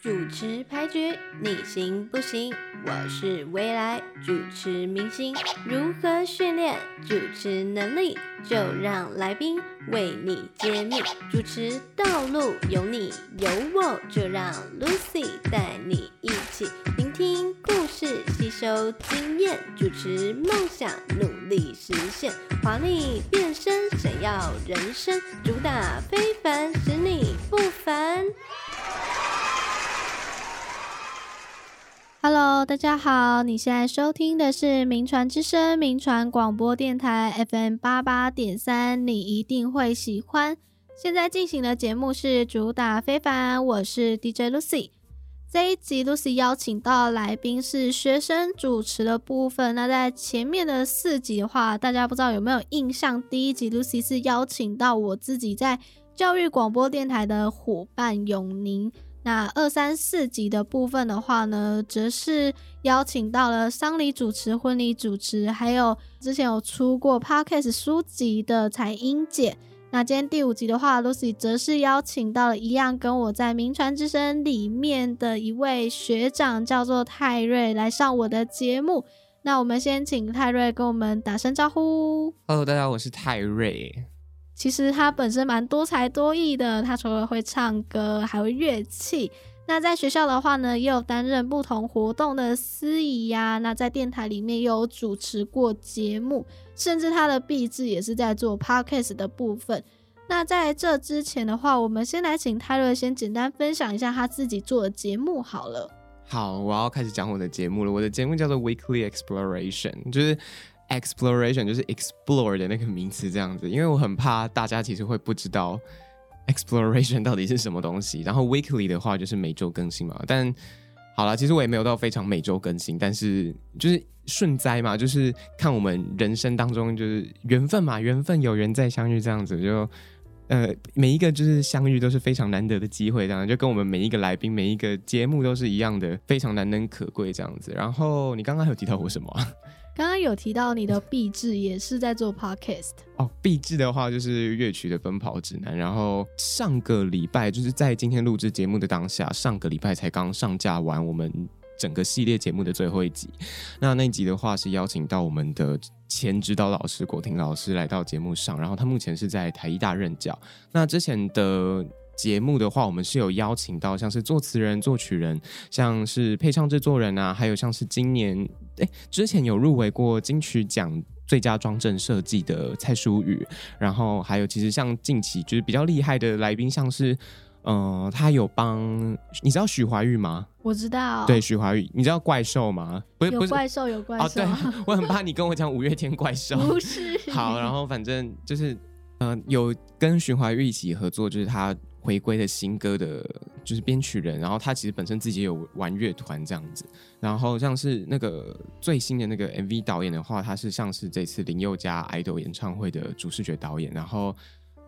主持排局，你行不行？我是未來主持明星，如何訓練主持能力？就讓來賓為你揭秘。主持道路有你有我，就讓 Lucy 帶你一起聆聽故事，吸收經驗。主持夢想努力實現，華麗變身閃耀人生，主打非凡，使你不凡。Hello，大家好，你現在收聽的是《銘傳之聲》銘傳廣播電台 FM 八八點三，你一定會喜歡。現在進行的節目是主打非凡，我是 DJ Lucy。這一集 Lucy 邀請到來賓是學生主持的部分。那在前面的四集的話，大家不知道有沒有印象？第一集 Lucy 是邀請到我自己在教育廣播電台的夥伴永寧。那二三四集的部分的話呢，則是邀請到了喪禮主持、婚禮主持，還有之前有出過 podcast 書籍的彩英姐。那今天第五集的話，Lucy 則是邀請到了一樣跟我在《銘傳之聲》裡面的一位學長，叫做泰瑞，來上我的節目。那我們先請泰瑞跟我們打聲招呼。Hello，大家好，我是泰瑞。其實他本身蠻多才多藝的，他除了會唱歌，還會樂器。那在學校的話呢，也有擔任不同活動的司儀呀、啊。那在電台裡面，也有主持過節目，甚至他的畢製也是在做 podcast 的部分。那在這之前的話，我們先來請泰瑞先簡單分享一下他自己做的節目好了。好，我要開始講我的節目了。我的節目叫做 Weekly Exploration，就是。Exploration 就是 explore 的那個名詞這樣子，因為我很怕大家其實會不知道 exploration 到底是什麼東西。然後 weekly 的話就是每周更新嘛，但好了，其實我也沒有到非常每周更新，但是就是順災嘛，就是看我們人生當中就是緣分嘛，緣分有緣再相遇這樣子就呃每一個就是相遇都是非常難得的機會這樣，就跟我們每一個來賓每一個節目都是一樣的非常難能可貴這樣子。然後你剛剛有提到過什麼啊？剛剛有提到你的畢製也是在做 podcast 哦，畢製的話就是樂曲的奔跑指南。然後上個禮拜就是在今天錄制節目的當下，上個禮拜才剛上架完我們整個系列節目的最後一集。那那一集的話是邀請到我們的前指導老師果婷老師來到節目上，然後他目前是在台藝大任教。那之前的節目的話，我們是有邀請到像是作詞人、作曲人，像是配唱製作人啊，還有像是今年哎之前有入圍過金曲獎最佳裝幀設計的蔡淑宇，然後還有其實像近期就是比較厲害的來賓，像是嗯、呃，他有幫你知道許懷玉嗎？我知道、哦，對許懷玉，你知道怪獸嗎？不是，有怪獸，有怪獸，哦、對我很怕你跟我講五月天怪獸， 不是，好，然後反正就是嗯、呃，有跟許懷玉一起合作，就是他。回歸的新歌的就是編曲人，然後他其實本身自己也有玩樂團這樣子。然後像是那個最新的那個 MV 導演的話，他是像是這次林宥嘉 idol 演唱會的主視覺導演。然後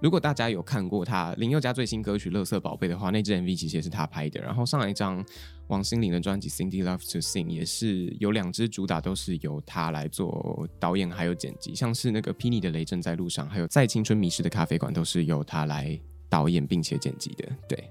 如果大家有看過他林宥嘉最新歌曲《樂色寶貝》的話，那支 MV 其實也是他拍的。然後上一張王心凌的專輯《Cindy Love to Sing》也是有兩支主打都是由他來做導演還有剪輯，像是那個披尼的《雷震在路上》，還有《在青春迷失的咖啡館》都是由他來。導演並且剪輯的，對。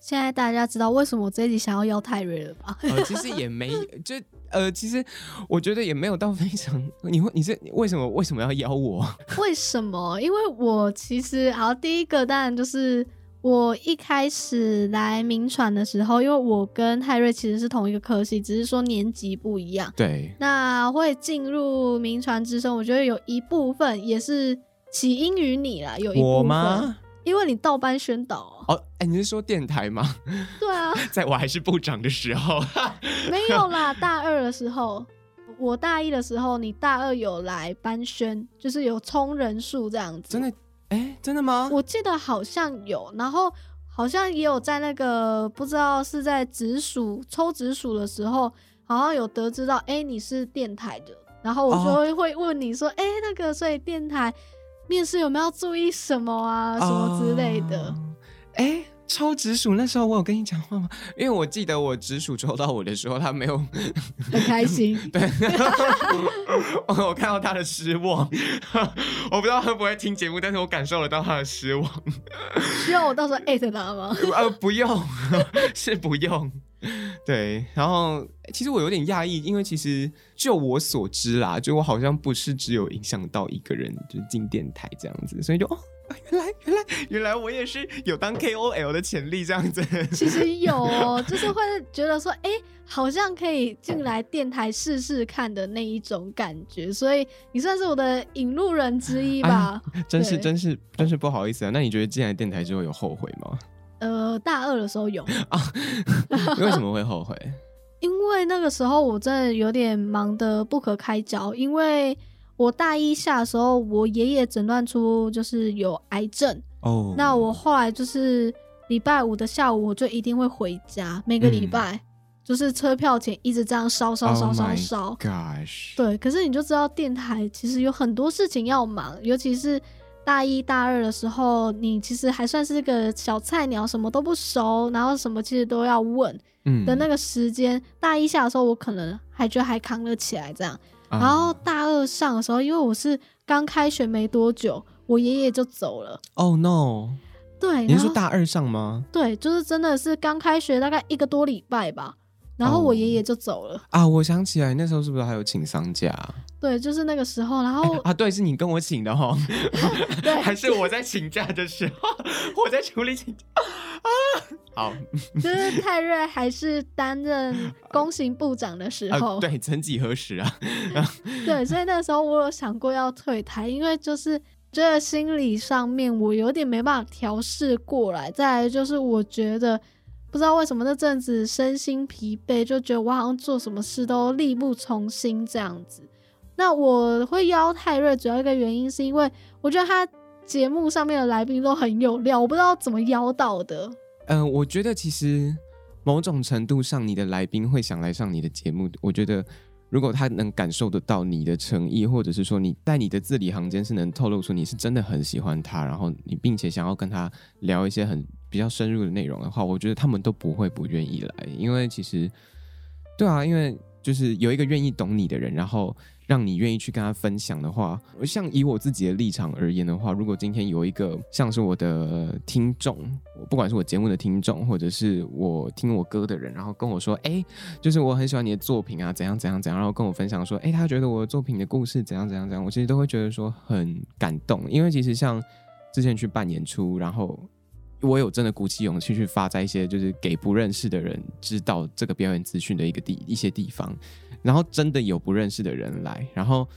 現在大家知道為什麼我這一集想要邀泰瑞了吧？呃，其實也沒， 就呃，其實我覺得也沒有到非常。你會，你是你為什麼？為什麼要邀我？為什麼？因為我其實啊，第一個當然就是我一開始來銘傳的時候，因為我跟泰瑞其實是同一個科系，只是說年級不一樣。對。那會進入銘傳之聲，我覺得有一部分也是起因於你了，有一部分。我嗎？因為你倒班宣導哦，哎、oh, 欸，你是說電台嗎？對啊，在我還是部長的時候， 沒有啦，大二的時候，我大一的時候，你大二有來班宣，就是有衝人數這樣子。真的？哎、欸，真的嗎？我記得好像有，然後好像也有在那個不知道是在直屬抽直屬的時候，好像有得知到，哎、欸，你是電台的，然後我就會問你說，哎、oh. 欸，那個，所以電台。面試有沒有注意什麼啊？什麼之類的？哎、呃，抽、欸、直屬那時候我有跟你講話嗎？因為我記得我直屬抽到我的時候，他沒有很開心。 對 我，我看到他的失望， 我不知道他會不會聽節目，但是我感受得到他的失望。需 要我到時候艾特他嗎？ 呃，不用， 是不用。對，然後其實我有點訝異，因為其實就我所知啦，就我好像不是只有影響到一個人，就進電臺這樣子，所以就哦，原來原來原來我也是有當 KOL 的潛力這樣子。其實有、哦， 就是會覺得說，哎，好像可以進來電臺試試看的那一種感覺。所以你算是我的引路人之一吧？哎、真是對真是真是不好意思啊！那你覺得進來電臺之後有後悔嗎？呃，大二的時候有、啊、你為什麼會後悔？ 因為那個時候我真的有點忙得不可開交，因為我大一下的時候，我爺爺診斷出就是有癌症。Oh. 那我後來就是禮拜五的下午，我就一定會回家，每個禮拜、嗯、就是車票錢一直這樣燒燒燒燒燒。Oh、my gosh. 對，可是你就知道電台其實有很多事情要忙，尤其是。大一、大二的時候，你其實還算是個小菜鳥，什麼都不熟，然後什麼其實都要問的那個時間。嗯、大一下的時候，我可能還覺得還扛得起來這樣，然後大二上的時候，啊、因為我是剛開學沒多久，我爺爺就走了。哦、Oh no！對，你是說大二上嗎？對，就是真的是剛開學大概一個多禮拜吧。然後我爺爺就走了。哦、啊！我想起來那時候是不是還有請喪假？對，就是那個時候。然後啊，對，是你跟我請的哈、哦？ 對，還是我在請假的時候，我在處理請假啊？好，就是泰瑞還是擔任公行部長的時候，啊呃、對，曾幾何時啊？ 對，所以那個時候我有想過要退台，因為就是覺得心理上面我有點沒辦法調試過來，再來就是我覺得。不知道為什麼那陣子身心疲憊，就覺得我好像做什麼事都力不從心這樣子。那我會邀泰瑞主要一個原因是因為我覺得他節目上面的來賓都很有料，我不知道怎麼邀到的。嗯，我覺得其實某種程度上你的來賓會想來上你的節目。我覺得如果他能感受得到你的誠意，或者是說你在你的字裡行間是能透露出你是真的很喜歡他，然後你並且想要跟他聊一些很。比較深入的內容的話，我覺得他們都不會不願意來，因為其實，對啊，因為就是有一個願意懂你的人，然後讓你願意去跟他分享的話，像以我自己的立場而言的話，如果今天有一個像是我的聽眾，不管是我節目的聽眾，或者是我聽我歌的人，然後跟我說，欸，就是我很喜歡你的作品啊，怎樣怎樣怎樣，然後跟我分享說，欸，他覺得我的作品的故事怎樣怎樣怎樣，我其實都會覺得說很感動，因為其實像之前去辦演出，然後，我有真的鼓起勇氣去發在一些就是給不認識的人知道這個表演資訊的一個地一些地方，然後真的有不認識的人來，然後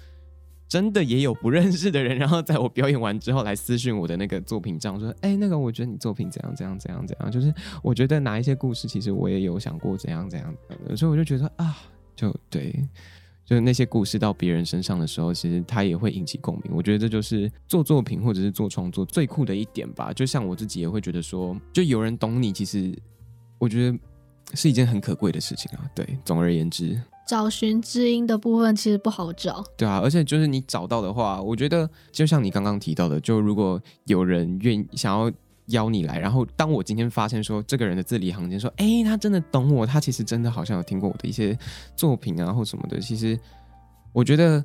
真的也有不認識的人，然後在我表演完之後來私訊我的那個作品這樣說：“哎、欸，那個我覺得你作品怎樣怎樣怎樣怎樣，就是我覺得哪一些故事，其實我也有想過怎樣怎樣。”所以我就覺得啊，就對。就是那些故事到別人身上的時候，其實它也會引起共鳴。我覺得這就是做作品或者是做創作最酷的一點吧。就像我自己也會覺得說，就有人懂你，其實我覺得是一件很可貴的事情啊。對，總而言之，找尋知音的部分其實不好找。對啊，而且就是你找到的話，我覺得就像你剛剛提到的，就如果有人願意想要。邀你來，然後當我今天發現說這個人的字裡行間說，誒，他真的懂我，他其實真的好像有聽過我的一些作品啊，或什麼的。其實我覺得，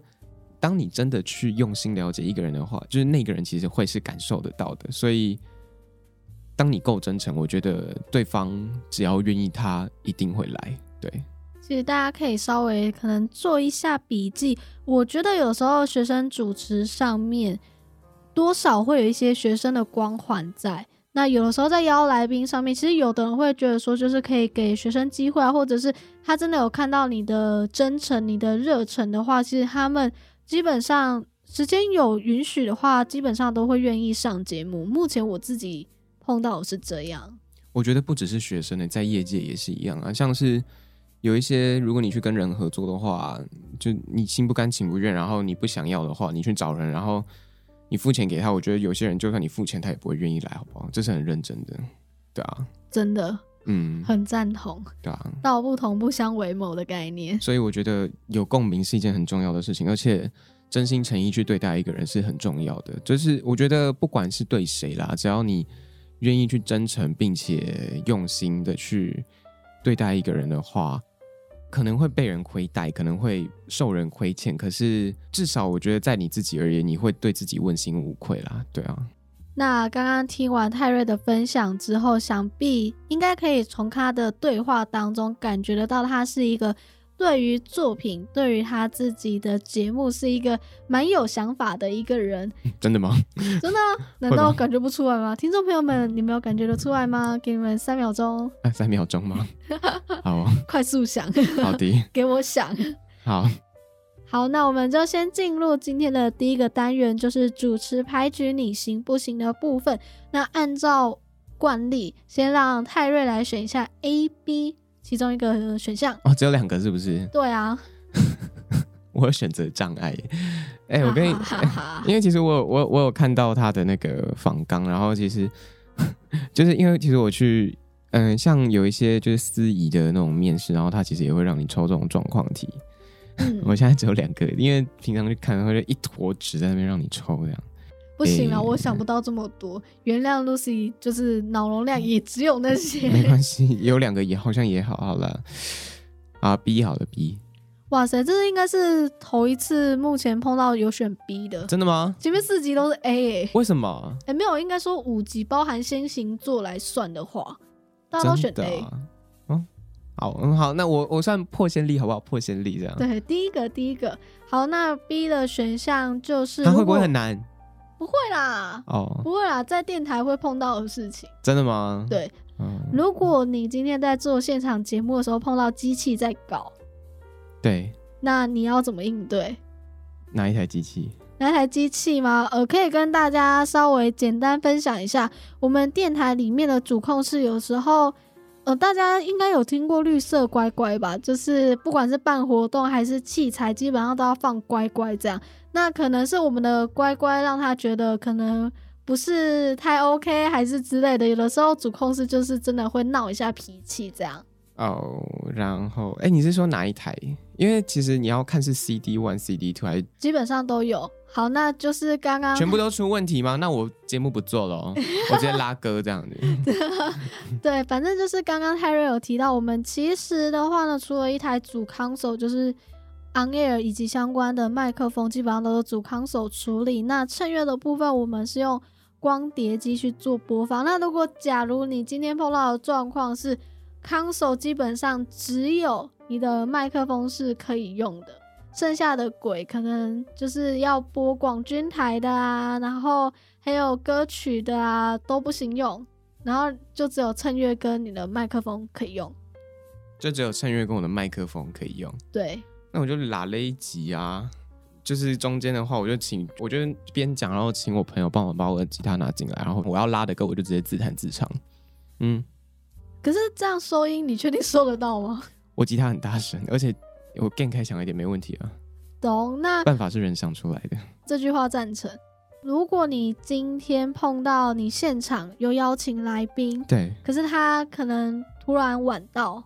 當你真的去用心了解一個人的話，就是那個人其實會是感受得到的。所以，當你夠真誠，我覺得對方只要願意他，他一定會來。對，其實大家可以稍微可能做一下筆記。我覺得有時候學生主持上面多少會有一些學生的光環在。那有的時候在邀來賓上面，其實有的人會覺得說，就是可以給學生機會啊，或者是他真的有看到你的真誠、你的熱忱的話，其實他們基本上時間有允許的話，基本上都會願意上節目。目前我自己碰到是這樣。我覺得不只是學生呢，在業界也是一樣啊。像是有一些，如果你去跟人合作的話，就你心不甘情不願，然後你不想要的話，你去找人，然後。你付錢給他，我覺得有些人就算你付錢，他也不會願意來，好不好？這是很認真的，對啊，真的，嗯，很贊同，對啊，道不同不相為謀的概念，所以我覺得有共鳴是一件很重要的事情，而且真心誠意去對待一個人是很重要的，就是我覺得不管是對誰啦，只要你願意去真誠並且用心的去對待一個人的話。可能會被人虧待，可能會受人虧欠，可是至少我覺得在你自己而言，你會對自己問心無愧啦，對啊。那剛剛聽完泰瑞的分享之後，想必應該可以從他的對話當中感覺得到，他是一個。對於作品，對於他自己的節目，是一個蠻有想法的一個人。真的嗎？真的啊，難道感覺不出來嗎？嗎？聽眾朋友們，你們有感覺得出來嗎？給你們三秒鐘。三秒鐘嗎？ 好哦，快速想。好的。 給我想。好。好，那我們就先進入今天的第一個單元，就是主持排局，你行不行的部分。那按照慣例，先讓泰瑞來選一下 A、B。其中一個選項哦，只有兩個是不是？對啊， 我有選擇障礙。哎、欸， 我跟你，欸、 因為其實我我我有看到他的那個訪綱，然後其實就是因為其實我去嗯，像有一些就是司儀的那種面試，然後他其實也會讓你抽這種狀況題。 我現在只有兩個，因為平常去看就一坨紙在那邊讓你抽這樣。不行了，我想不到這麼多。原諒 Lucy，就是腦容量也只有那些。 沒關係，有兩個也好像也好好了。啊，B 好了 B。哇塞，這是應該是頭一次目前碰到有選 B 的，真的嗎？前面四集都是 A，、欸、為什麼？哎、欸，沒有，應該說五集包含先行座來算的話，大家都選 A。哦、嗯，好，很好，那我我算破先例好不好？破先例這樣。對，第一個第一個好，那 B 的選項就是它會不會很難？不會啦，哦，不會啦，在電台會碰到的事情。真的嗎？對，嗯，如果你今天在做現場節目的時候碰到機器在搞，對，那你要怎麼應對？哪一台機器？哪一台機器嗎？呃，可以跟大家稍微簡單分享一下，我們電臺裡面的主控室有時候，呃，大家應該有聽過綠色乖乖吧？就是不管是辦活動還是器材，基本上都要放乖乖這樣。那可能是我們的乖乖讓他覺得可能不是太 OK，還是之類的。有的時候主控室就是真的會鬧一下脾氣這樣。哦，oh, 然後哎，你是說哪一台？因為其實你要看是 CD one、CD two 還……基本上都有。好，那就是剛剛全部都出問題嗎？那我節目不做了。哦， 我直接拉歌這樣子 對、啊。對，反正就是剛剛泰瑞有提到，我們其實的話呢，除了一台主 console 就是。On air 以及相關的麥克風基本上都是主 console 處理。那襯樂的部分，我們是用光碟機去做播放。那如果假如你今天碰到的狀況是 console，基本上只有你的麥克風是可以用的，剩下的鬼可能就是要播廣軍台的啊，然後還有歌曲的啊都不行用，然後就只有襯樂跟你的麥克風可以用。就只有襯樂跟我的麥克風可以用。對。那我就拉了一集啊，就是中間的話，我就請，我就邊講，然後請我朋友幫我，幫我把我的吉他拿進來，然後我要拉的歌，我就直接自彈自唱。嗯，可是這樣收音，你確定收得到嗎？我吉他很大聲，而且我更開響一點，沒問題啊。懂，那辦法是人想出來的。這句話贊成。如果你今天碰到你現場有邀請來賓，對，可是他可能突然晚到。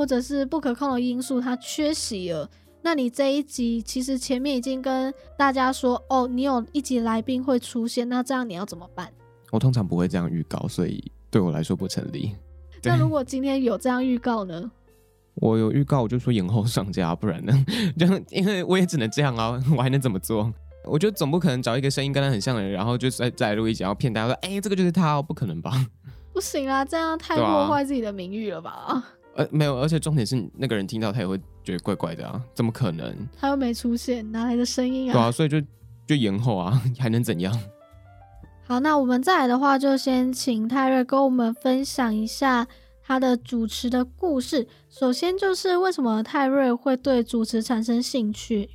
或者是不可控的因素，他缺席了。那你這一集其實前面已經跟大家說，哦，你有一集來賓會出現，那這樣你要怎麼辦？我通常不會這樣預告，所以對我來說不成立。對那如果今天有這樣預告呢？我有預告，我就說延後上架，不然呢，就因為我也只能這樣啊，我還能怎麼做？我覺得總不可能找一個聲音跟他很像的人，然後就在再錄一集，然後騙大家說，哎、欸，這個就是他，哦，不可能吧？不行啊，這樣太破壞自己的名譽了吧？呃，沒有，而且重點是，那個人聽到他也會覺得怪怪的啊！怎麼可能？他又沒出現，哪來的聲音啊？對啊，所以就就延後啊，還能怎樣？好，那我們再來的話，就先請泰瑞跟我們分享一下他的主持的故事。首先，就是為什麼泰瑞會對主持產生興趣？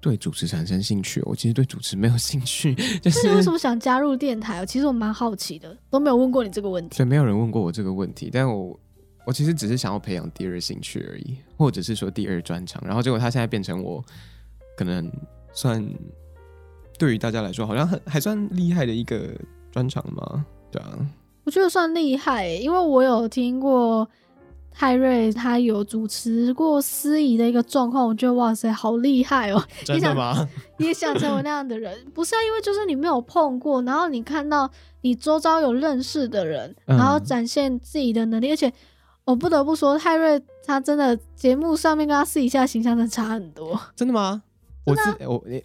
對主持產生興趣、哦？我其實對主持沒有興趣。那、就是為什麼想加入電台、哦、其實我蠻好奇的，都沒有問過你這個問題。所以沒有人問過我這個問題，但我。我其實只是想要培養第二興趣而已，或者是說第二專長，然後結果他現在變成我可能算對於大家來說好像很還算厲害的一個專長嗎？對啊，我覺得算厲害、欸，因為我有聽過泰瑞他有主持過司儀的一個狀況，我覺得哇塞，好厲害哦、喔！你想你也，也想成為那樣的人？ 不是啊，因為就是你沒有碰過，然後你看到你周遭有認識的人，然後展現自己的能力，嗯、而且。我不得不說，泰瑞他真的節目上面跟他私底下形象的差很多。真的嗎？我是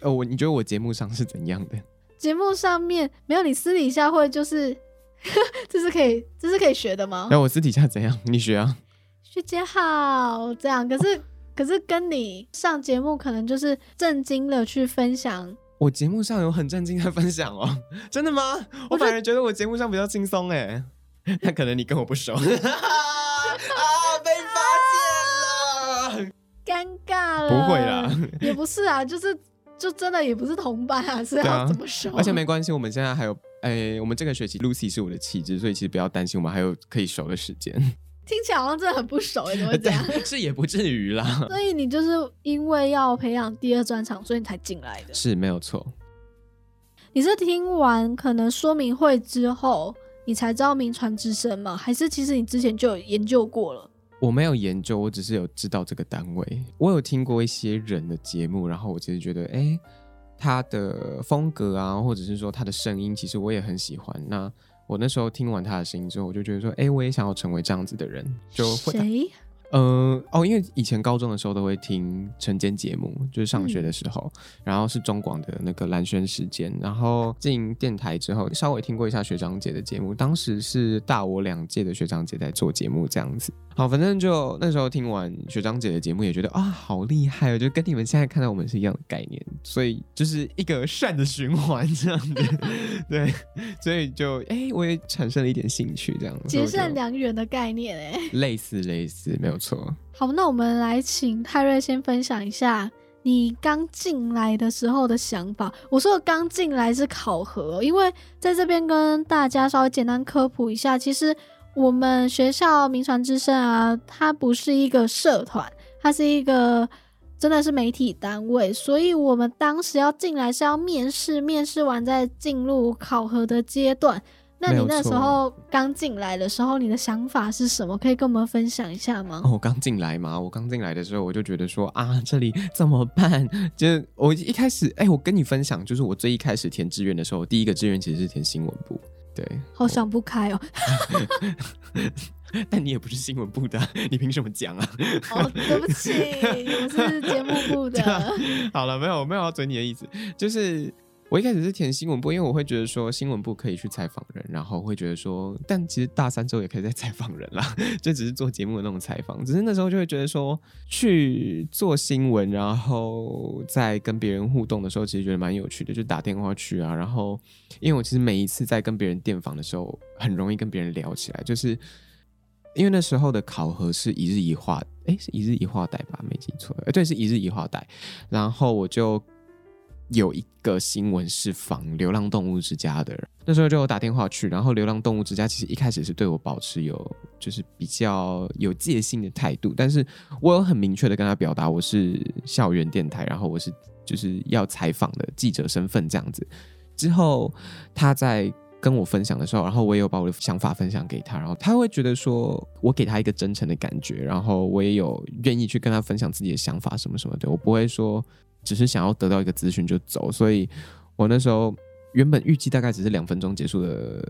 我我你覺得我節目上是怎樣的？節目上面沒有，你私底下會就是呵呵這是可以這是可以學的嗎？沒有，我私底下怎樣？你學啊，學姐好這樣。可是、哦、可是跟你上節目可能就是正經的去分享。我節目上有很正經的分享哦，真的嗎？我反而覺得我節目上比較輕鬆哎。那可能你跟我不熟。 尬了不會啦， 也不是啊，就是就真的也不是同班啊，是要怎麼熟，啊？而且沒關係，我們現在還有，哎、欸，我們這個學期 Lucy 是我的氣質，所以其實不要擔心，我們還有可以熟的時間。聽起來好像真的很不熟，怎麼講？是也不至於啦。 所以你就是因為要培養第二專長，所以你才進來的，是沒有錯。你是聽完可能說明會之後，你才知道銘傳之聲嗎？還是其實你之前就有研究過了？我沒有研究，我只是有知道這個單位。我有聽過一些人的節目，然後我其實覺得，哎，他的風格啊，或者是說他的聲音，其實我也很喜歡。那我那時候聽完他的聲音之後，我就覺得說，哎，我也想要成為這樣子的人，就會。嗯、呃、哦，因為以前高中的時候都會聽晨間節目，就是上學的時候，嗯、然後是中廣的那個蘭萱時間，然後進電台之後稍微聽過一下學長姐的節目，當時是大我兩屆的學長姐在做節目這樣子。好，反正就那時候聽完學長姐的節目，也覺得啊、哦、好厲害哦，就跟你們現在看到我們是一樣的概念，所以就是一個善的循環這樣子， 對，所以就哎、欸、我也產生了一點興趣這樣子，結善良緣的概念哎，類似類似，類似沒有錯。好，那我們來請泰瑞先分享一下你剛進來的時候的想法。我說剛進來是考核，因為在這邊跟大家稍微簡單科普一下，其實我們學校銘傳之聲啊，它不是一個社團，它是一個真的是媒體單位，所以我們當時要進來是要面試，面試完再進入考核的階段。那你那時候剛進來的時候，你的想法是什麼？可以跟我們分享一下嗎？我剛進來嘛，我剛進來的時候，我就覺得說啊，這裡怎麼辦？就是我一開始，哎、欸，我跟你分享，就是我最一開始填志願的時候，第一個志願其實是填新聞部，對。好想不開哦。 但你也不是新聞部的、啊，你憑什麼講啊？哦，對不起，我 是節目部的、啊。好了，沒有，沒有要嘴你的意思，就是。我一開始是填新聞部，因為我會覺得說新聞部可以去採訪人，然後會覺得說，但其實大三之後也可以再採訪人啦，就只是做節目的那種採訪。只是那時候就會覺得說去做新聞，然後在跟別人互動的時候，其實覺得蠻有趣的，就打電話去啊。然後，因為我其實每一次在跟別人電訪的時候，很容易跟別人聊起來，就是因為那時候的考核是一日一話，哎、欸，是一日一話帶吧？沒記錯，對，是一日一話帶。然後我就。有一個新聞是訪流浪動物之家的人，那時候就有打電話去，然後流浪動物之家其實一開始是對我保持有就是比較有戒心的態度，但是我有很明確的跟他表達我是校園電台，然後我是就是要採訪的記者身份這樣子。之後他在跟我分享的時候，然後我也有把我的想法分享給他，然後他會覺得說我給他一個真誠的感覺，然後我也有願意去跟他分享自己的想法什麼什麼的，我不會說。只是想要得到一個資訊就走，所以我那時候原本預計大概只是兩分鐘結束的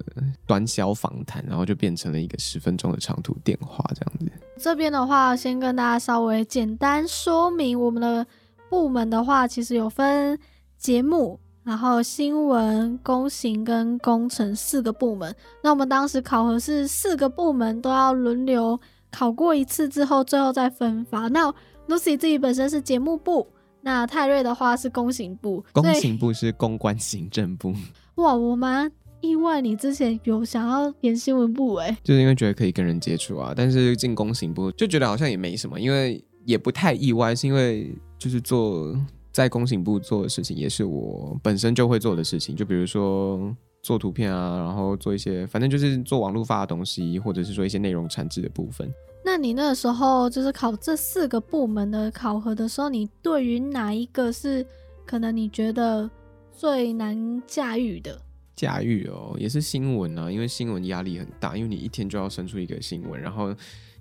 短小訪談，然後就變成了一個十分鐘的長途電話這樣子。這邊的話，先跟大家稍微簡單說明我們的部門的話，其實有分節目，然後新聞、公行跟工程四個部門。那我們當時考核是四個部門都要輪流考過一次之後，最後再分發。那 Lucy 自己本身是節目部。那泰瑞的話是公行部，公行部是公關行政部。哇，我蠻意外，你之前有想要演新聞部？哎、欸，就是因為覺得可以跟人接觸啊。但是進公行部就覺得好像也沒什麼，因為也不太意外，是因為就是做在公行部做的事情也是我本身就會做的事情，就比如說做圖片啊，然後做一些反正就是做網絡發的東西，或者是說一些內容產制的部分。那你那個時候就是考這四個部門的考核的時候，你對於哪一個是可能你覺得最難駕馭的？駕馭哦，也是新聞啊，因為新聞壓力很大，因為你一天就要生出一個新聞，然後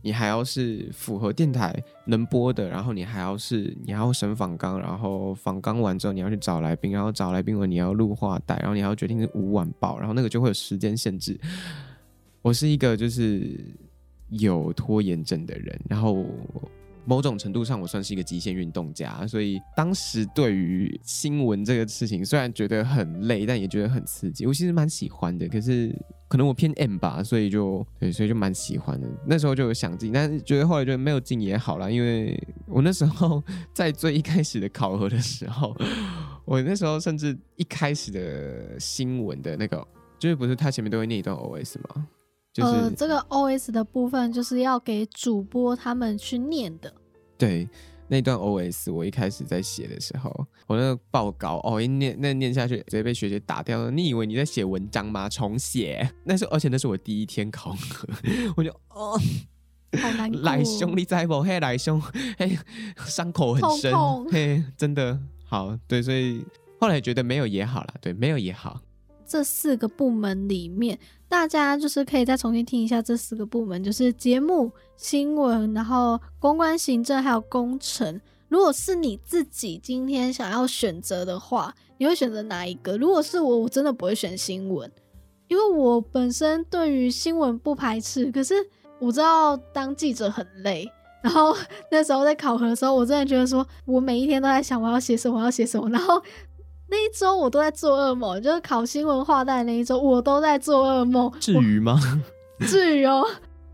你還要是符合電台能播的，然後你還要是你還要審訪綱，然後訪綱完之後你要去找來賓，然後找來賓完你要錄話帶，然後你要決定是午晚報，然後那個就會有時間限制。我是一個就是。有拖延症的人，然後某種程度上，我算是一個極限運動家，所以當時對於新聞這個事情，雖然覺得很累，但也覺得很刺激。我其實蠻喜歡的，可是可能我偏 M 吧，所以就對，所以就蠻喜歡的。那時候就有想進，但是覺得後來就沒有進也好啦，因為我那時候在最一開始的考核的時候，我那時候甚至一開始的新聞的那個，就是不是他前面都會念一段 OS 嗎？就是、呃，這個 O S 的部分就是要給主播他們去念的。對，那段 O S 我一開始在寫的時候，我那個報告哦，一念那念下去直接被學姐打掉了。你以為你在寫文章嗎？重寫。那是而且那是我第一天考核，我就哦，好難。來，兄弟在不？嘿，來兄，嘿，傷口很深。痛痛嘿，真的好。對，所以後來覺得沒有也好了。對，沒有也好。這四個部門裡面，大家就是可以再重新聽一下這四個部門，就是節目、新聞，然後公關、行政，還有工程。如果是你自己今天想要選擇的話，你會選擇哪一個？如果是我，我真的不會選新聞，因為我本身對於新聞不排斥，可是我知道當記者很累。然後那時候在考核的時候，我真的覺得說我每一天都在想我要寫什麼，我要寫什麼，然後。那一周我都在做噩夢，就是考新聞話帶那一周我都在做噩夢。至於嗎？我 至於哦，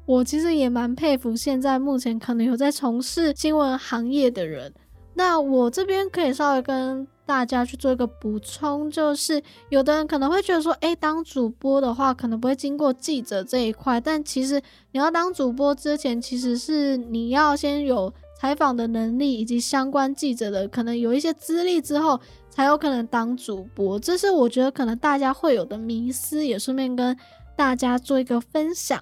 我其實也蠻佩服現在目前可能有在從事新聞行業的人。那我這邊可以稍微跟大家去做一個補充，就是有的人可能會覺得說，誒、欸，當主播的話可能不會經過記者這一塊，但其實你要當主播之前，其實是你要先有採訪的能力以及相關記者的可能有一些資歷之後。才有可能當主播，這是我覺得可能大家會有的迷思，也順便跟大家做一個分享。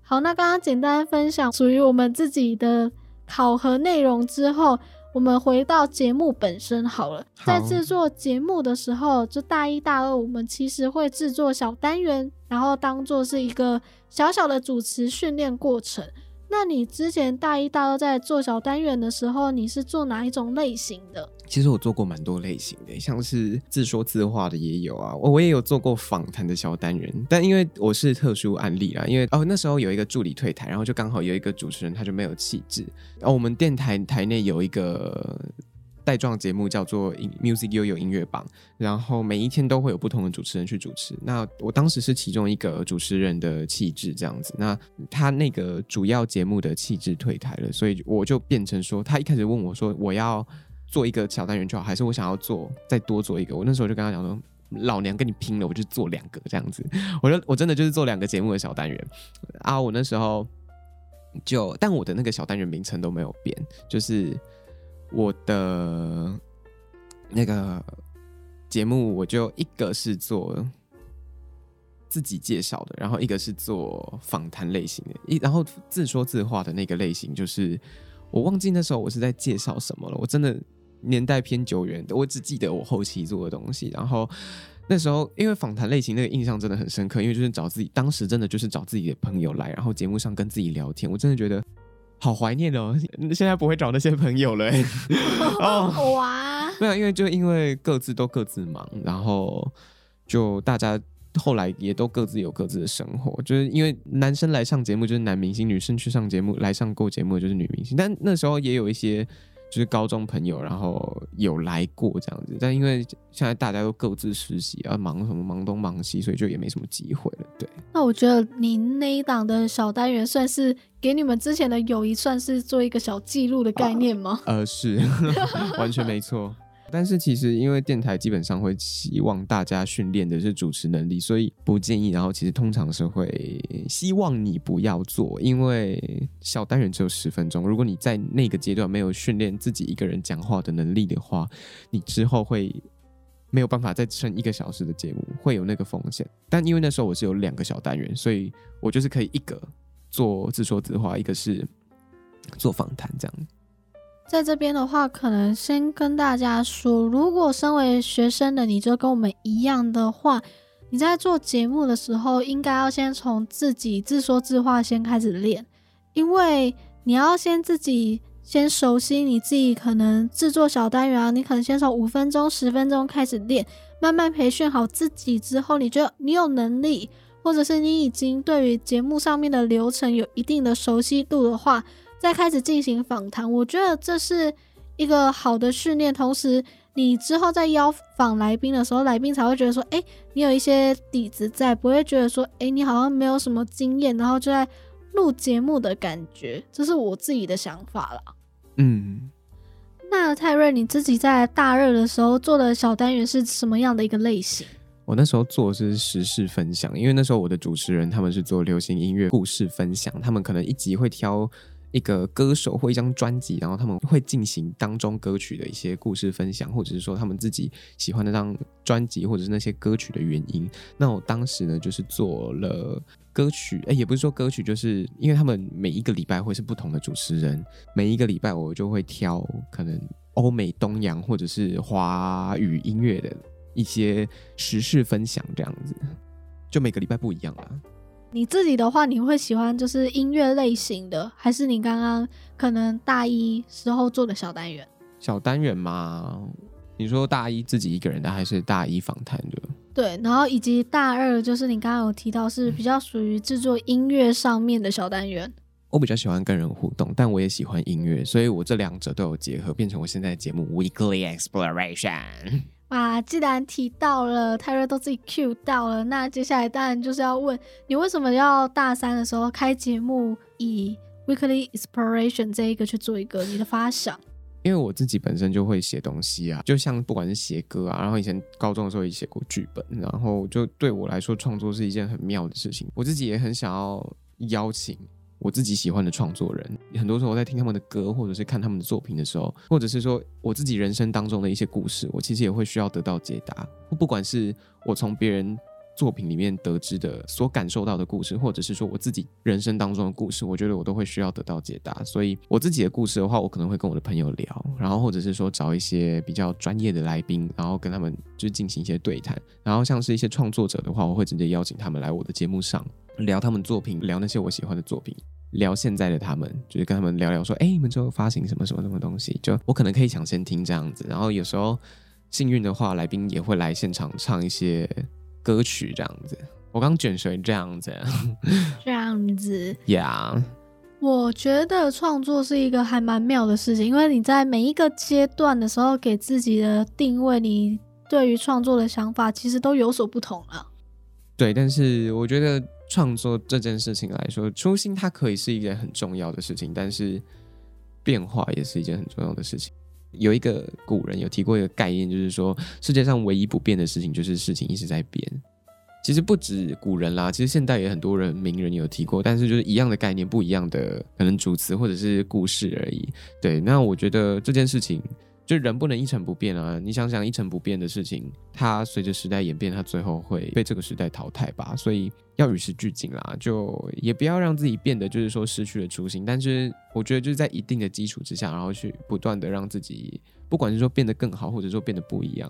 好，那剛剛簡單分享屬於我們自己的考核內容之後，我們回到節目本身好了。好。在制作節目的時候，就大一、大二，我們其實會制作小單元，然後當做是一個小小的主持訓練過程。那你之前大一、大二在做小單元的時候，你是做哪一種類型的？其實我做過蠻多類型的，像是自說自話的也有啊，我我也有做過訪談的小單元，但因為我是特殊案例啊，因為哦那時候有一個助理退台，然後就剛好有一個主持人他就沒有氣質，哦我們電台台內有一個。帶狀節目叫做 Music U 有音樂榜，然後每一天都會有不同的主持人去主持。那我當時是其中一個主持人的氣質這樣子。那他那個主要節目的氣質退台了，所以我就變成說，他一開始問我說，我要做一個小單元就好，還是我想要做再多做一個？我那時候就跟他講說，老娘跟你拼了，我就做兩個這樣子。我就我真的就是做兩個節目的小單元啊。我那時候就，但我的那個小單元名稱都沒有變，就是。我的那個節目，我就一個是做自己介紹的，然後一個是做訪談類型的，一然後自說自話的那個類型，就是我忘記那時候我是在介紹什麼了。我真的年代偏久遠的，我只記得我後期做的東西。然後那時候，因為訪談類型那個印象真的很深刻，因為就是找自己，當時真的就是找自己的朋友來，然後節目上跟自己聊天，我真的覺得。好懷念哦！現在不會找那些朋友了哦。哇，沒有，因為就因為各自都各自忙，然後就大家後來也都各自有各自的生活。就是因為男生來上節目就是男明星，女生去上節目來上過節目就是女明星。但那時候也有一些就是高中朋友，然後有來過這樣子。但因為現在大家都各自實習啊，忙什麼忙東忙西，所以就也沒什麼機會了。對。那我覺得您那一檔的小單元算是給你們之前的友誼算是做一個小記錄的概念嗎？啊、呃，是呵呵，完全沒錯。 但是其實因為電台基本上會希望大家訓練的是主持能力，所以不建議。然後其實通常是會希望你不要做，因為小單元只有十分鐘。如果你在那個階段沒有訓練自己一個人講話的能力的話，你之後會。沒有辦法再撐一個小時的節目，會有那個風險。但因為那時候我是有兩個小單元，所以我就是可以一個做自說自話，一個是做訪談這樣。在這邊的話，可能先跟大家說，如果身為學生的你，就跟我們一樣的話，你在做節目的時候，應該要先從自己自說自話先開始練，因為你要先自己。先熟悉你自己，可能製作小單元啊，你可能先從五分鐘、十分鐘開始練，慢慢培訓好自己之後，你覺得你有能力，或者是你已經對於節目上面的流程有一定的熟悉度的話，再開始進行訪談。我覺得這是一個好的訓練。同時，你之後再邀訪來賓的時候，來賓才會覺得說，誒，你有一些底子在，不會覺得說，誒，你好像沒有什麼經驗，然後就在。錄節目的感覺，這是我自己的想法啦。嗯，那泰瑞，你自己在大二的時候做的小單元是什麼樣的一個類型？我那時候做的是時事分享，因為那時候我的主持人他們是做流行音樂故事分享，他們可能一集會挑。一個歌手或一張專輯，然後他們會進行當中歌曲的一些故事分享，或者是說他們自己喜歡那張專輯或者是那些歌曲的原因。那我當時呢，就是做了歌曲，哎、欸，也不是說歌曲，就是因為他們每一個禮拜會是不同的主持人，每一個禮拜我就會挑可能歐美、東洋或者是華語音樂的一些時事分享，這樣子，就每個禮拜不一樣啦。你自己的話，你會喜歡就是音樂類型的，還是你剛剛可能大一時候做的小單元？小單元嘛，你說大一自己一個人的，還是大一訪談的？對，然後以及大二就是你剛剛有提到是比較屬於製作音樂上面的小單元。我比較喜歡跟人互動，但我也喜歡音樂，所以我這兩者都有結合，變成我現在的節目 Weekly Exploration。哇、啊，既然提到了泰瑞都自己 cue 到了，那接下來當然就是要問你，為什麼要大三的時候開節目，以 Weekly Exploration 這一個去做一個你的發想？因為我自己本身就會寫東西啊，就像不管是寫歌啊，然後以前高中的時候也寫過劇本，然後就對我來說，創作是一件很妙的事情，我自己也很想要邀請。我自己喜歡的創作人，很多時候我在聽他們的歌，或者是看他們的作品的時候，或者是說我自己人生當中的一些故事，我其實也會需要得到解答。不，不管是我從別人作品裡面得知的、所感受到的故事，或者是說我自己人生當中的故事，我覺得我都會需要得到解答。所以我自己的故事的話，我可能會跟我的朋友聊，然後或者是說找一些比較專業的來賓，然後跟他們就進行一些對談。然後像是一些創作者的話，我會直接邀請他們來我的節目上聊他們作品，聊那些我喜歡的作品，聊現在的他們，就是跟他們聊聊說，哎，你們之後發行什麼什麼什麼東西，就我可能可以搶先聽這樣子。然後有時候幸運的話，來賓也會來現場唱一些。歌曲這樣子，我剛捲成這樣子， 這樣子呀。Yeah 我覺得創作是一個還蠻妙的事情，因為你在每一個階段的時候給自己的定位，你對於創作的想法其實都有所不同了。對，但是我覺得創作這件事情來說，初心它可以是一件很重要的事情，但是變化也是一件很重要的事情。有一個古人有提過一個概念，就是說世界上唯一不變的事情就是事情一直在變。其實不止古人啦，其實現代也很多人名人有提過，但是就是一樣的概念，不一樣的可能主詞或者是故事而已。對，那我覺得這件事情。就人不能一成不變啊！你想想，一成不變的事情，它隨着時代演變，它最後會被這個時代淘汰吧？所以要與時俱進啦啊，就也不要讓自己變得就是說失去了初心。但是我覺得就是在一定的基礎之下，然後去不斷的讓自己，不管是說變得更好，或者說變得不一樣。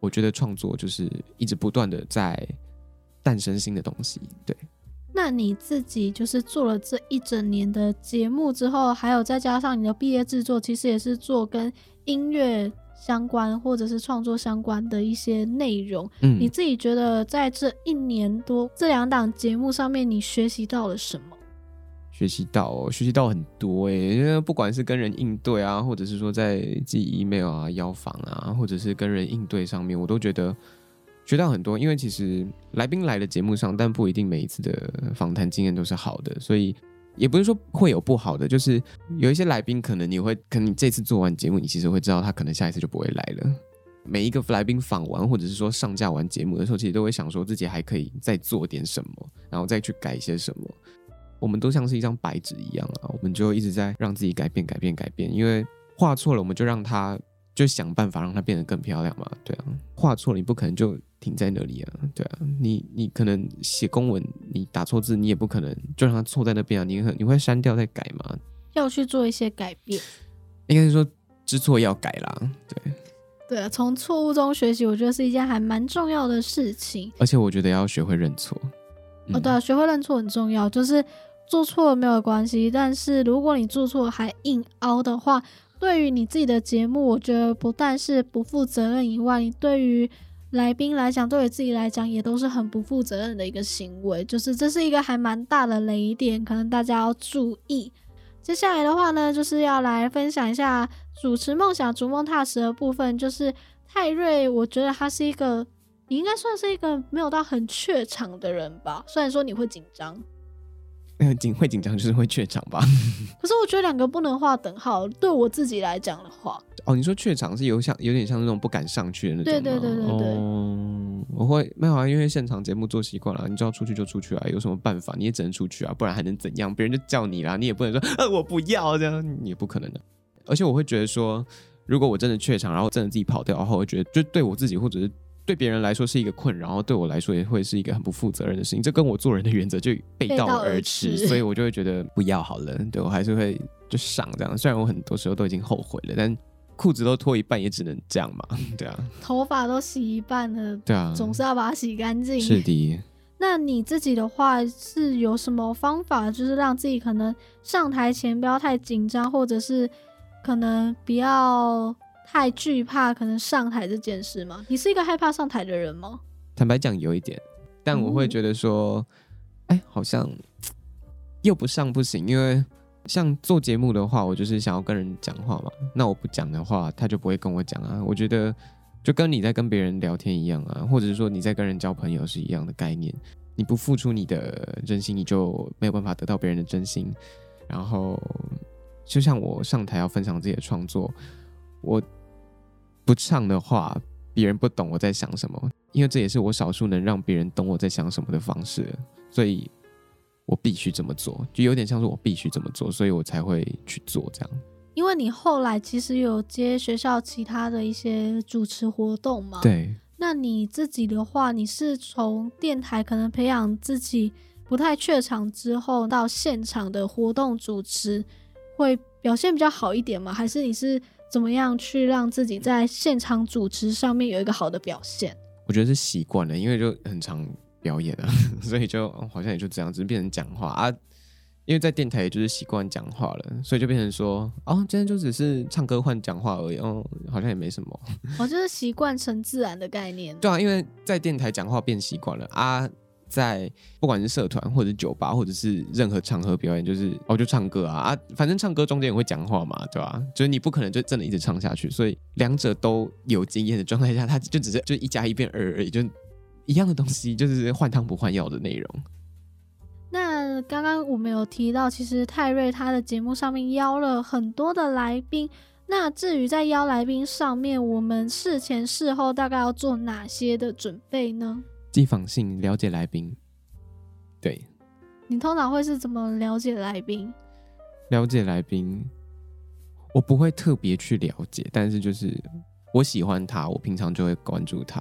我覺得創作就是一直不斷的在誕生新的東西。對，那你自己就是做了這一整年的節目之後，還有再加上你的畢業制作，其實也是做跟音樂相關或者是創作相關的一些內容，嗯，你自己覺得在這一年多這兩檔節目上面，你學習到了什麼？學習到，學習到很多誒、欸，因為不管是跟人應對啊，或者是說在寄 email 啊、邀訪啊，或者是跟人應對上面，我都覺得學到很多。因為其實來賓來的節目上，但不一定每一次的訪談經驗都是好的，所以。也不是說會有不好的，就是有一些來賓可能你會，可能你這次做完節目，你其實會知道他可能下一次就不會來了。每一個來賓訪完或者是說上架完節目的時候，其實都會想說自己還可以再做點什麼，然後再去改一些什麼。我們都像是一張白紙一樣啊，我們就一直在讓自己改變、改變、改變，因為畫錯了，我們就讓他，就想辦法讓它變得更漂亮嘛，對啊，畫錯了你不可能就。停在那裡啊，對啊，你你可能寫公文，你打錯字，你也不可能就讓它錯在那邊啊。你你會刪掉再改嗎？要去做一些改變，應該是說知錯要改啦，對。對啊，從錯誤中學習，我覺得是一件還蠻重要的事情。而且我覺得要學會認錯。嗯、哦，對啊，學會認錯很重要，就是做錯了沒有關係，但是如果你做錯還硬凹的話，對於你自己的節目，我覺得不但是不負責任以外，你對於來賓來講，對我自己來講也都是很不負責任的一個行為，就是這是一個還蠻大的雷點，可能大家要注意。接下來的話呢，就是要來分享一下主持《夢想逐夢踏實》的部分，就是泰瑞，我覺得他是一個，你應該算是一個沒有到很怯場的人吧，雖然說你會緊張，那緊會緊張就是會怯場吧。 可是我覺得兩個不能劃等號，對我自己來講的話。哦，你說怯場是有像，有點像那種不敢上去的那種嗎？對對對對，對。哦，我會沒有好像因為現場節目做習慣了，你就要出去就出去啊，有什麼辦法？你也只能出去啊，不然還能怎樣？別人就叫你啦，你也不能說呃我不要這樣，也不可能的啊。而且我會覺得說，如果我真的怯場，然後真的自己跑掉的話，我會覺得就對我自己或者是對別人來說是一個困擾，然後對我來說也會是一個很不負責任的事情。這跟我做人的原則就背道而馳，而所以我就會覺得不要好了，對我還是會就上這樣。雖然我很多時候都已經後悔了，但。褲子都脫一半，也只能這樣嘛，對啊。頭髮都洗一半了，對啊，總是要把它洗乾淨。是的。那你自己的話是有什麼方法，就是讓自己可能上台前不要太緊張，或者是可能不要太懼怕可能上台這件事嗎？你是一個害怕上台的人嗎？坦白講，有一點，但我會覺得說，哎、嗯欸，好像又不上不行，因為。像做節目的話，我就是想要跟人講話嘛。那我不講的話，他就不會跟我講啊。我覺得就跟你在跟別人聊天一樣啊，或者是說你在跟人交朋友是一樣的概念。你不付出你的真心，你就沒有辦法得到別人的真心。然後，就像我上台要分享自己的創作，我不唱的話，別人不懂我在想什麼，因為這也是我少數能讓別人懂我在想什麼的方式。所以。我必須這麼做，就有點像是我必須這麼做，所以我才會去做這樣。因為你後來其實有接學校其他的一些主持活動嘛，對。那你自己的話，你是從電台可能培養自己不太怯場之後，到現場的活動主持會表現比較好一點嗎？還是你是怎麼樣去讓自己在現場主持上面有一個好的表現？我覺得是習慣了，因為就很常，表演啊，所以就、哦、好像也就這樣子變成講話啊，因為在電台也就是習慣講話了，所以就變成說，哦，今天就只是唱歌換講話而已，哦，好像也沒什麼，哦，就是習慣成自然的概念。對啊，因為在電台講話變習慣了啊，在不管是社團或者酒吧或者是任何場合表演，就是哦，就唱歌啊啊，反正唱歌中間也會講話嘛，對吧？就是你不可能就真的一直唱下去，所以兩者都有經驗的狀態下，他就只是就一加一變二而已。就一樣的東西就是換湯不換藥的內容。那剛剛我們有提到，其實泰瑞他的節目上面邀了很多的來賓。那至於在邀來賓上面，我們事前事後大概要做哪些的準備呢？即訪性了解來賓。對。你通常會是怎麼了解來賓？了解來賓，我不會特別去了解，但是就是我喜歡他，我平常就會關注他。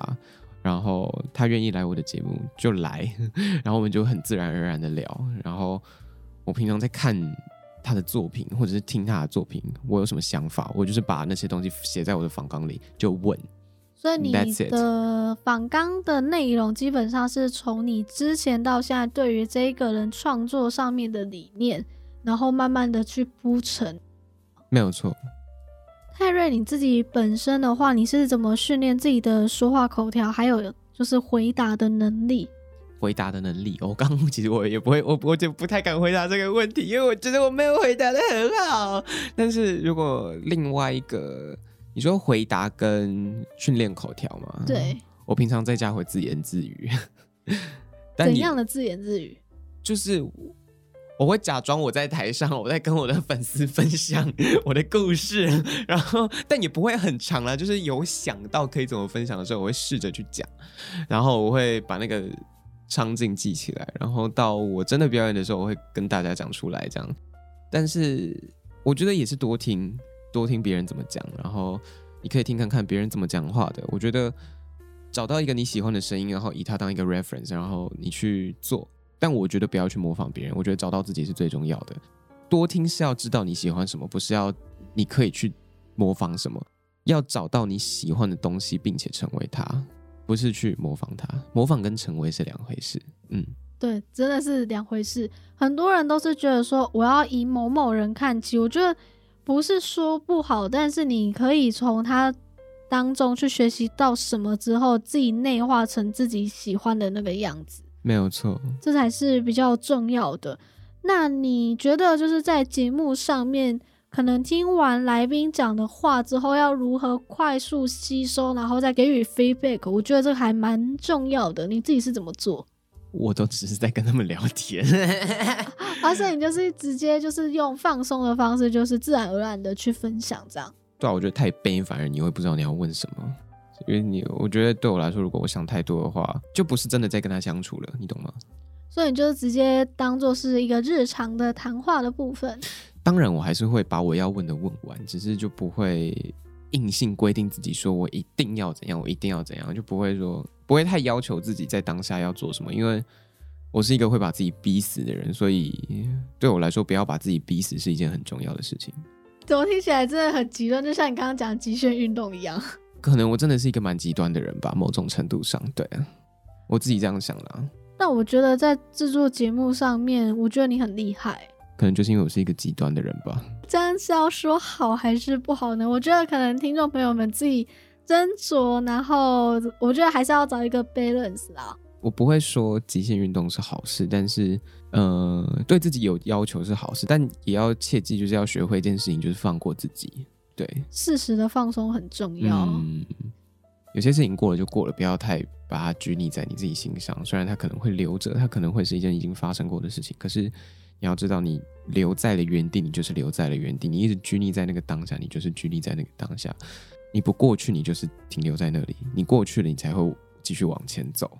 然後他願意來我的節目就來，然後我們就很自然而然的聊。然後我平常在看他的作品或者是聽他的作品，我有什麼想法，我就是把那些東西寫在我的訪綱裡就問。所以你的訪綱的內容基本上是從你之前到現在對於這一個人創作上面的理念，然後慢慢的去鋪陳。沒有錯。泰瑞，你自己本身的話，你是怎麼訓練自己的說話口條，還有就是回答的能力？回答的能力，我、哦、剛剛其實我也不會，我我就不太敢回答這個問題，因為我覺得我沒有回答得很好。但是如果另外一個，你說回答跟訓練口條嘛？對，我平常在家會自言自語。怎樣的自言自語？就是。我會假裝我在台上，我在跟我的粉絲分享我的故事，然後但也不會很長啦，就是有想到可以怎麼分享的時候，我會試着去講，然後我會把那個場景記起來，然後到我真的表演的時候，我會跟大家講出來這樣。但是我覺得也是多聽，多聽別人怎麼講，然後你可以聽看看別人怎麼講話的。我覺得找到一個你喜歡的聲音，然後以它當一個 reference，然後你去做。但我覺得不要去模仿別人，我覺得找到自己是最重要的。多聽是要知道你喜歡什麼，不是要你可以去模仿什麼。要找到你喜歡的東西，並且成為它，不是去模仿它。模仿跟成為是兩回事。嗯，對，真的是兩回事。很多人都是覺得說我要以某某人看齊，我覺得不是說不好，但是你可以從他當中去學習到什麼之後，自己內化成自己喜歡的那個樣子。沒有錯，這才是比較重要的。那你覺得就是在節目上面，可能聽完來賓講的話之後，要如何快速吸收，然後再給予 feedback？我覺得這個還蠻重要的。你自己是怎麼做？我都只是在跟他們聊天，而 且、啊、你就是直接就是用放鬆的方式，就是自然而然的去分享。這樣對啊，我覺得太背，反而你會不知道你要問什麼。因為你，我覺得對我來說，如果我想太多的話，就不是真的在跟他相處了，你懂嗎？所以你就是直接當做是一個日常的談話的部分。當然，我還是會把我要問的問完，只是就不會硬性規定自己說我一定要怎樣，我一定要怎樣，就不會說不會太要求自己在當下要做什麼，因為我是一個會把自己逼死的人，所以對我來說，不要把自己逼死是一件很重要的事情。怎麼聽起來真的很極端，就像你剛剛講極限運動一樣。可能我真的是一個蠻極端的人吧，某種程度上，對，我自己這樣想了。那我覺得在製作節目上面，我覺得你很厲害。可能就是因為我是一個極端的人吧。這樣是要說好還是不好呢？我覺得可能聽眾朋友們自己斟酌，然後我覺得還是要找一個 balance 啊。我不會說極限運動是好事，但是嗯、呃，對自己有要求是好事，但也要切記，就是要學會一件事情，就是放過自己。對，適時的放鬆很重要。嗯，有些事情過了就過了，不要太把它拘泥在你自己心上。雖然它可能會留着，它可能會是一件已經發生過的事情，可是你要知道，你留在了原地，你就是留在了原地。你一直拘泥在那個當下，你就是拘泥在那個當下。你不過去，你就是停留在那裡；你過去了，你才會繼續往前走。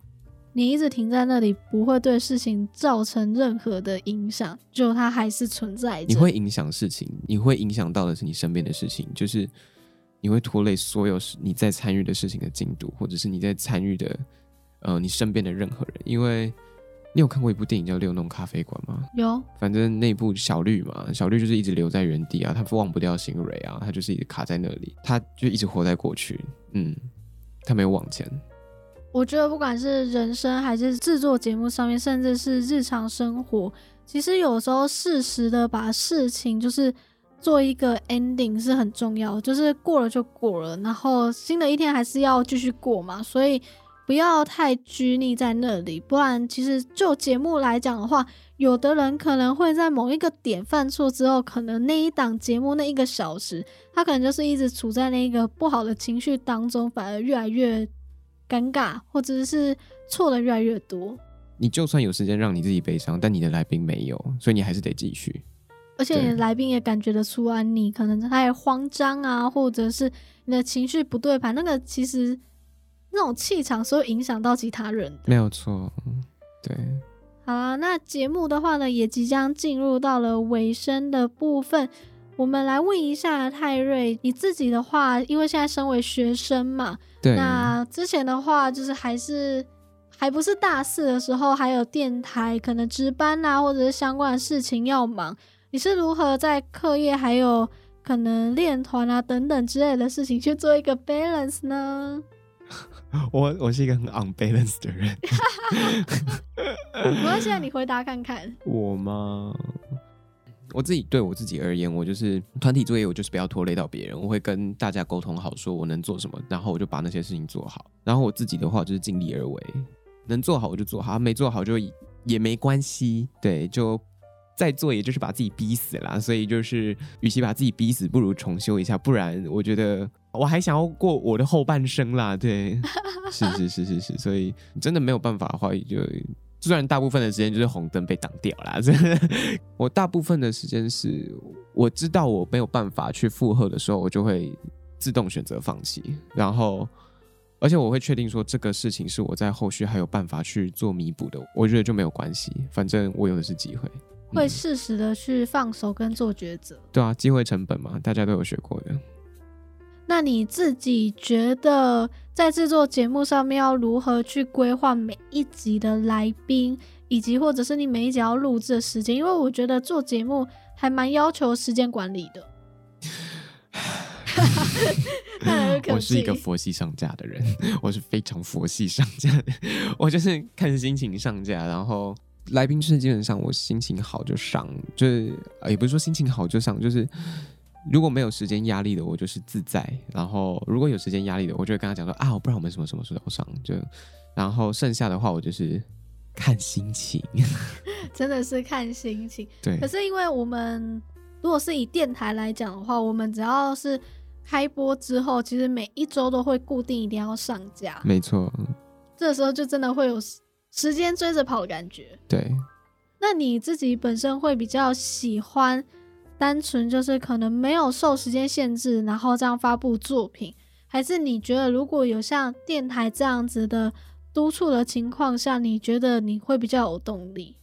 你一直停在那裡，不會對事情造成任何的影響，就它還是存在。你會影響事情，你會影響到的是你身邊的事情，就是你會拖累所有事你在參與的事情的進度，或者是你在參與的，呃，你身邊的任何人。因為你有看過一部電影叫《六弄咖啡館》嗎？有，反正那部小綠嘛，小綠就是一直留在原地啊，他忘不掉心蕊啊，他就是一直卡在那裡，他就一直活在過去，嗯，他沒有往前。我覺得不管是人生還是製作節目上面，甚至是日常生活，其實有時候適時的把事情就是做一個 ending 是很重要的，就是過了就過了，然後新的一天還是要繼續過嘛，所以不要太拘泥在那裡，不然其實就節目來講的話，有的人可能會在某一個點犯錯之後，可能那一檔節目那一個小時，他可能就是一直處在那個不好的情緒當中，反而越來越尷尬，或者是錯的越來越多。你就算有時間讓你自己悲傷，但你的來賓沒有，所以你還是得繼續。而且你的來賓也感覺得出，啊，你可能他也慌張啊，或者是你的情緒不對盤，那個其實那種氣場是會影響到其他人，沒有錯。對，好啦，啊，那節目的話呢，也即將進入到了尾聲的部分。我們來問一下泰瑞，你自己的話，因為現在身為學生嘛，對，那之前的話就是還是還不是大四的時候，還有電台可能值班啊，或者是相關的事情要忙，你是如何在課業還有可能練團啊等等之類的事情去做一個 balance 呢？ 我我是一個很 unbalance 的人，那 現在你回答看看我嗎？我自己對我自己而言，我就是團體作業，我就是不要拖累到別人。我會跟大家溝通好，說我能做什麼，然後我就把那些事情做好。然後我自己的話，就是盡力而為，能做好我就做好，沒做好就也沒關係。對，就再做也就是把自己逼死啦，所以就是與其把自己逼死，不如重修一下，不然我覺得我還想要過我的後半生啦。對，是是是是是，所以真的沒有辦法的話就。雖然大部分的時間就是紅燈被擋掉啦，真的，我大部分的時間是我知道我沒有辦法去負荷的時候，我就會自動選擇放棄。然後，而且我會確定說這個事情，是我在後續還有辦法去做彌補的，我覺得就沒有關係。反正我有的是機會，會適時的去放手跟做抉擇。對啊，機會成本嘛，大家都有學過的。那你自己覺得在製作節目上面要如何去規劃每一集的來賓，以及或者是你每一集要錄製的時間？因為我覺得做節目還蠻要求時間管理的。 我是一個佛系上架的人，我是非常佛系上架的，我就是看心情上架，然後來賓就是基本上我心情好就上，就是也不是說心情好就上，就是。如果沒有時間壓力的，我就是自在；然後如果有時間壓力的，我就會跟他講說啊，我不知道我們什麼什麼時候上就，然後剩下的話，我就是看心情， 真的是看心情。對。可是因為我們如果是以電台來講的話，我們只要是開播之後，其實每一週都會固定一定要上架。沒錯。這時候就真的會有時間追着跑的感覺。對。那你自己本身會比較喜歡？單純就是可能沒有受時間限制，然後這樣發布作品，還是你覺得如果有像電台這樣子的督促的情況下，你覺得你會比較有動力？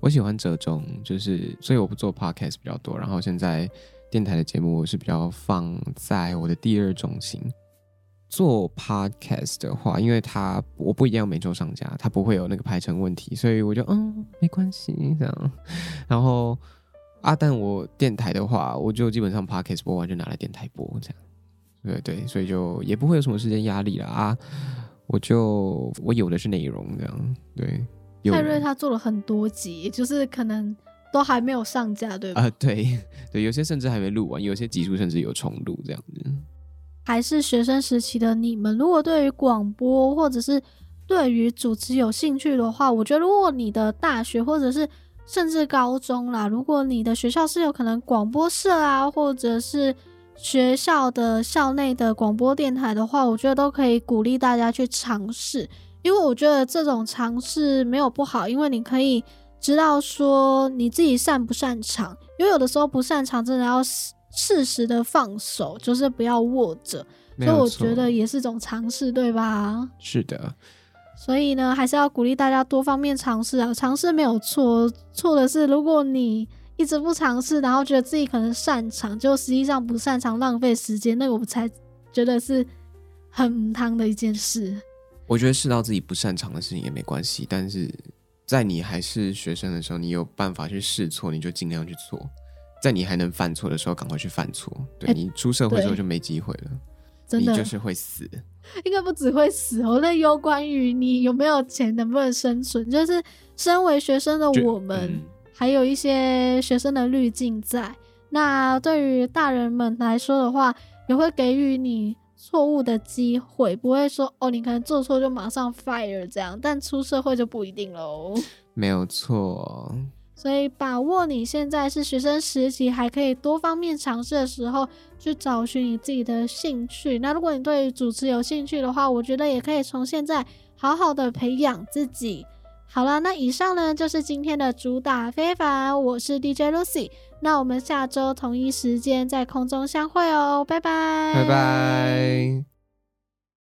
我喜歡折中，就是所以我不做 podcast 比較多，然後現在電台的節目我是比較放在我的第二重心。做 podcast 的話，因為它我不一定要每週上架，它不會有那個排程問題，所以我就嗯，沒關係這樣，然後。啊，但我電台的話，我就基本上 Podcast 播完就拿來電台播，這樣，對對，所以就也不會有什麼時間壓力了啊。我就我有的是內容，這樣，對。泰瑞他做了很多集，就是可能都還沒有上架，對吧？啊、呃，對對，有些甚至還沒錄完，有些集數甚至有重錄這樣子。還是學生時期的你們，如果對於廣播或者是對於主持有興趣的話，我覺得如果你的大學或者是。甚至高中啦，如果你的學校是有可能廣播社啊，或者是學校的校內的廣播電台的話，我覺得都可以鼓勵大家去嘗試，因為我覺得這種嘗試沒有不好，因為你可以知道說你自己擅不擅長，因為有的時候不擅長真的要適時的放手，就是不要握着，有所以我覺得也是這種嘗試，對吧？是的。所以呢，還是要鼓勵大家多方面嘗試啊！嘗試沒有錯，錯的是如果你一直不嘗試，然後覺得自己可能擅長，就實際上不擅長，浪費時間，那我們才覺得是很湯的一件事。我覺得試到自己不擅長的事情也沒關係，但是在你還是學生的時候，你有辦法去試錯，你就盡量去做，在你還能犯錯的時候，趕快去犯錯。對、欸、你出社會之後就沒機會了。真的你就是會死，應該不只會死哦。那攸關於你有沒有錢，能不能生存，就是身為學生的我們，嗯、還有一些學生的濾鏡在。那對於大人們來說的話，也會給予你錯誤的機會，不會說哦，你可能做錯就馬上 fire 這樣。但出社會就不一定嘍，沒有錯。所以，把握你現在是學生時期，還可以多方面嘗試的時候，去找尋你自己的興趣。那如果你對主持有興趣的話，我覺得也可以從現在好好的培養自己。好了，那以上呢就是今天的主打非凡，我是 DJ Lucy。那我們下週同一時間在空中相會哦、喔，拜拜，拜拜。